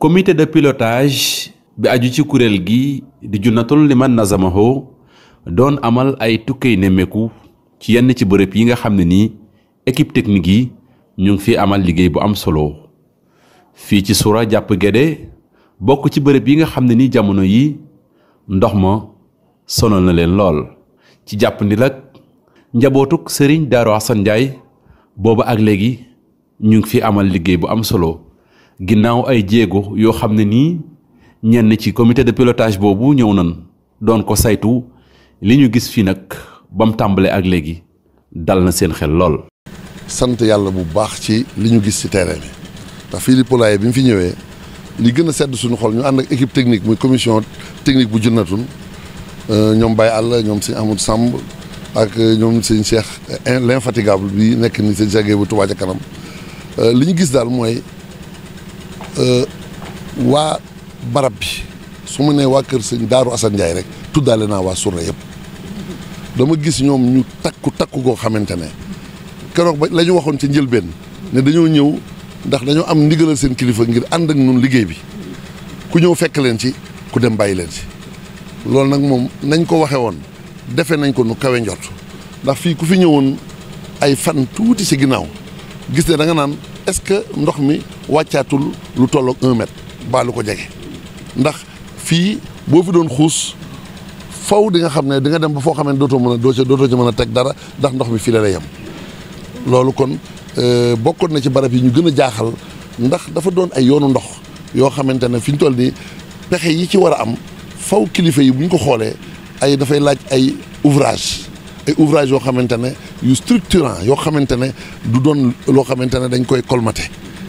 comité de pilotage bi aju ci kuréel gi di junnatul liman nazamaho doon amal ay tukkey nemmeeku ci yenn ci bërëb yi nga xam ne nii équipe technique yi ñu ngi fi amal liggéey bu am solo fii ci suura jàpp gede bokk ci bërëb yi nga xam ne ni jamono yi ndox ma sonal na leen lool ci jàpp ni nag njabootuk sëriñ Daaru Asan Njaay booba ak léegi ñu ngi fi amal liggéey bu am solo ginnaaw ay jéego yoo xam ne nii ñenn ci commité de pilotage boobu ñëw nan doon ko saytu li ñu gis fii nag ba mu tàmbalee ak léegi dal na seen xel lool. sant yàlla bu baax ci li ñu gis ci terrain bi ndax Philippe bi mu fi ñëwee li gën a sedd suñu xol ñu ànd ak équipe technique muy commission technique bu junnatun euh, ñoom Baye Alla ñoom sëñ Amadou Samb ak euh, ñoom sëñ Cheikh euh, l'infatigable bi nekk ni sëñ Jage bu Touba ca kanam. Euh, li ñu gis daal mooy euh, waa barab bi su ma nee waa kër sëñ Daaru Assane njaay rek tuddaale naa waa Souré yëpp dama gis ñoom ñu takku takku goo xamante ne keroog ba lañu waxoon ci njëlbeen ne dañoo ñëw ndax dañoo am ndigalal seen kilifa ngir ànd ak ñun liggéey bi ku ñëw fekk leen ci ku dem bàyyi leen ci loolu nag moom nañ ko waxee woon defe nañ ko nu kawe njort ndax fii ku fi ñëwoon ay fan tuuti si ginnaaw. gis ne da nga naan est-ce que ndox mi wàccaatul lu tolloog un mètre baa lu ko jege ndax fii boo fi doon xuus faw di nga xam ne di nga dem ba foo xamante dootoo mën a doo dootoo ci mën a teg dara ndax ndox mi fii la lay loolu kon euh, bokkoon na ci barab yi ñu gën a jaaxal ndax dafa doon ay yoonu ndox yoo xamante ne fi ñu toll nii pexe yi ci war a am faw kilifa yi buñ ko xoolee ay dafay laaj ay ouvrage ay ouvrage yoo xamante ne yu structurant yoo xamante ne du doon loo xamante ne dañ koy colmater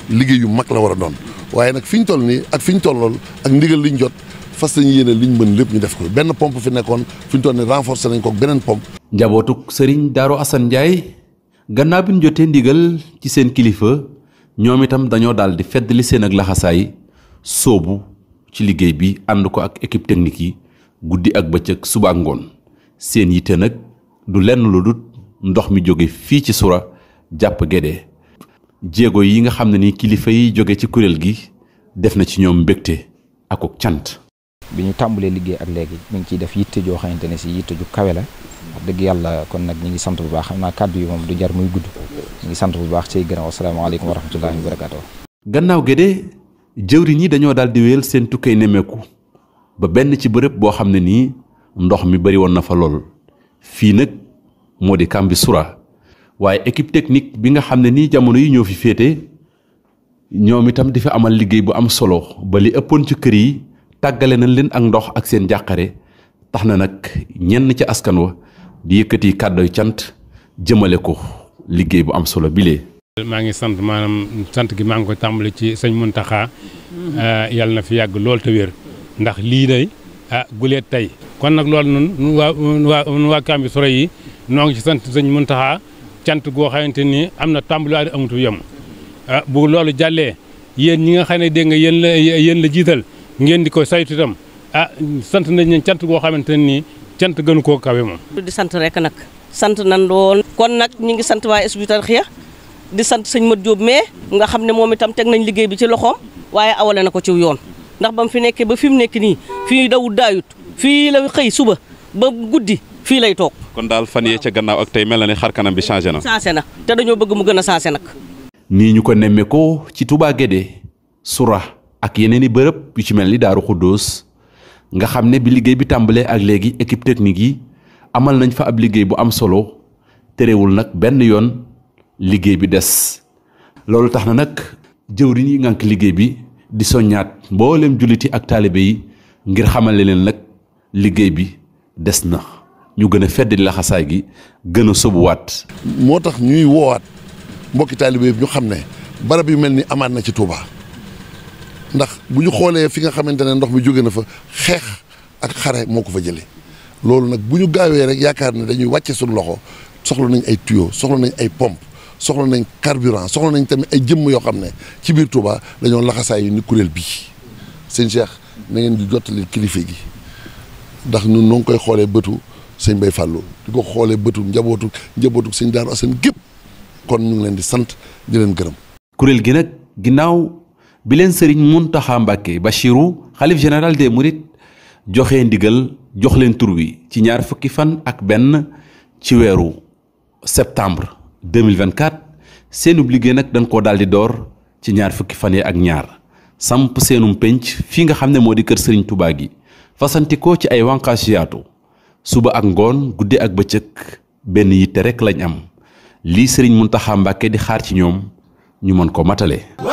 liggéey yu mag la war a doon waaye nag fi ñu toll nii ak fi ñu tollool ak ndigal li ñu jot fas nañu yéene li ñu mën lépp ñu def ko benn pompe fi nekkoon fi ñu toll nii renforcer nañ ko beneen pompe. njabootuk sëriñ Darou Assane Ndiaye gannaaw bi ñu jotee ndigal ci seen kilifa ñoom itam dañoo daal di feddali seen ak laxasaay soobu ci liggéey bi ànd ko ak équipe technique yi guddi ak bëccëg suba ak ngoon seen yitte nag. du lenn lu dut ndox mi jóge fii ci sura jàpp Guédé jéego yi nga xam ne ni kilifa yi jóge ci kuréel gi def na ci ñoom mbégte akuk cant. bi ñu tàmbulee liggéey ak léegi ñu ngi ciy def yitte joo xamante ne si yitte ju kawe la dëgg yàlla kon nag ñu ngi sant bu baax xam naa kàddu yi moom du jar muy gudd ñu ngi sant bu baax cay gërëm wasalaamaaleykum wa rahmatullahi wa barakaatu. gannaaw Guédé jëwriñ yi dañoo daal di wéyal seen tukkay nemmeeku ba benn ci bërëb boo xam ne nii ndox mi bari woon na fa lool. fii nag moo di Cambissoura waaye équipe technique bi nga xam ne nii jamono yi ñoo fi féete ñoom itam di fi amal liggéey bu am solo ba li ëppoon ci kër yi tàggale nañ leen ak ndox ak seen jàqare tax na nag ñenn ci askan wa di yëkkati kàddoy cant jëmale ko liggéey bu am solo bilee maa ngi sant maanaam sant gi maa ngi ko tàmbali ci sëñ Muntaxa mm-hmm. ah, yàlla na fi yàgg lool te ndax lii day ah guleet tey kon nag loolu nun nun waa waa nun waa Kambi ci sant sëñ Muntaxa cant goo xamante ni am na tàmbaliwaay amutu yem ah, bu loolu jàllee yéen ñi nga xam ne dégg nga yéen la yéen la jiital ngeen di ko saytu itam ah sant nañ leen cant goo xamante ne nii cant gënu koo kawe moom. di sant rek nag sant nan lool. kon nag ñu ngi sant waaye Hizbut Tarqiyyah di sant sëñ Mat Diop mais nga xam ne moom itam teg nañ liggéey bi ci loxoom waaye awale na ko ci yoon ndax ba mu fi nekkee ba fi mu nekk nii fii dawul daayut. fii la xëy suba ba guddi fii lay toog. kon daal fan yee ca gannaaw ak tey mel na ne xar kanam bi changé na. changé na te dañoo bëgg mu gën a changé nag. nii ñu ko nemmeekoo ci Touba de Sura ak yeneen i bërëb yu ci mel ni Daaru Xuddoos nga xam ne bi liggéey bi tàmbalee ak léegi équipe technique yi amal nañ fa ab liggéey bu am solo terewul nag benn yoon liggéey bi des loolu tax na nag jëwriñ yi ngànk liggéey bi di soññaat mboolem julliti ak taalibe yi ngir xamale leen nag. liggéey bi des na ñu gën a fedd laxasaay gi gën a sobuwaat moo tax ñuy woowaat mbokki taalibe bi ñu xam ne barab yu mel ni amaat na ci Touba ndax bu ñu xoolee fi nga xamante ne ndox mi jóge na fa xeex ak xare moo ko fa jëlee loolu nag bu ñu gaawee rek yaakaar ne dañuy wàcce suñu loxo soxla nañ ay tuyo soxla nañ ay pompe soxla nañ carburant soxla nañ tamit ay jëmm yoo xam ne ci biir Touba dañoo laxasaay yu ni kuréel bii sëñ Cheikh nangeen di jottali kilifa gi. ndax ñun noo koy xoolee bëtu sëñ Bay Fàllu di ko xoolee bëtu njabootu njabootu sëñ Daaru Asan gépp kon ñu ngi leen di sant di leen gërëm. kuréel gi nag ginnaaw bi leen sëriñ Muntaxa Mbàkke Bachiru xalif général de Mourides joxe ndigal jox leen tur wi ci ñaar fukki fan ak benn ci weeru septembre 2024 seen liggéey nag dañ koo daal di door ci ñaar fukki fan yi ak ñaar samp seenum penc fii nga xam ne moo di kër sëriñ Touba gi. fasantikoo ci ay wànqaas suba ak ngoon guddi ak bëccëg benn yitte rekk lañ am lii sëriñ Muntaxa Mbàkke di xaar ci ñoom ñu mën ko matale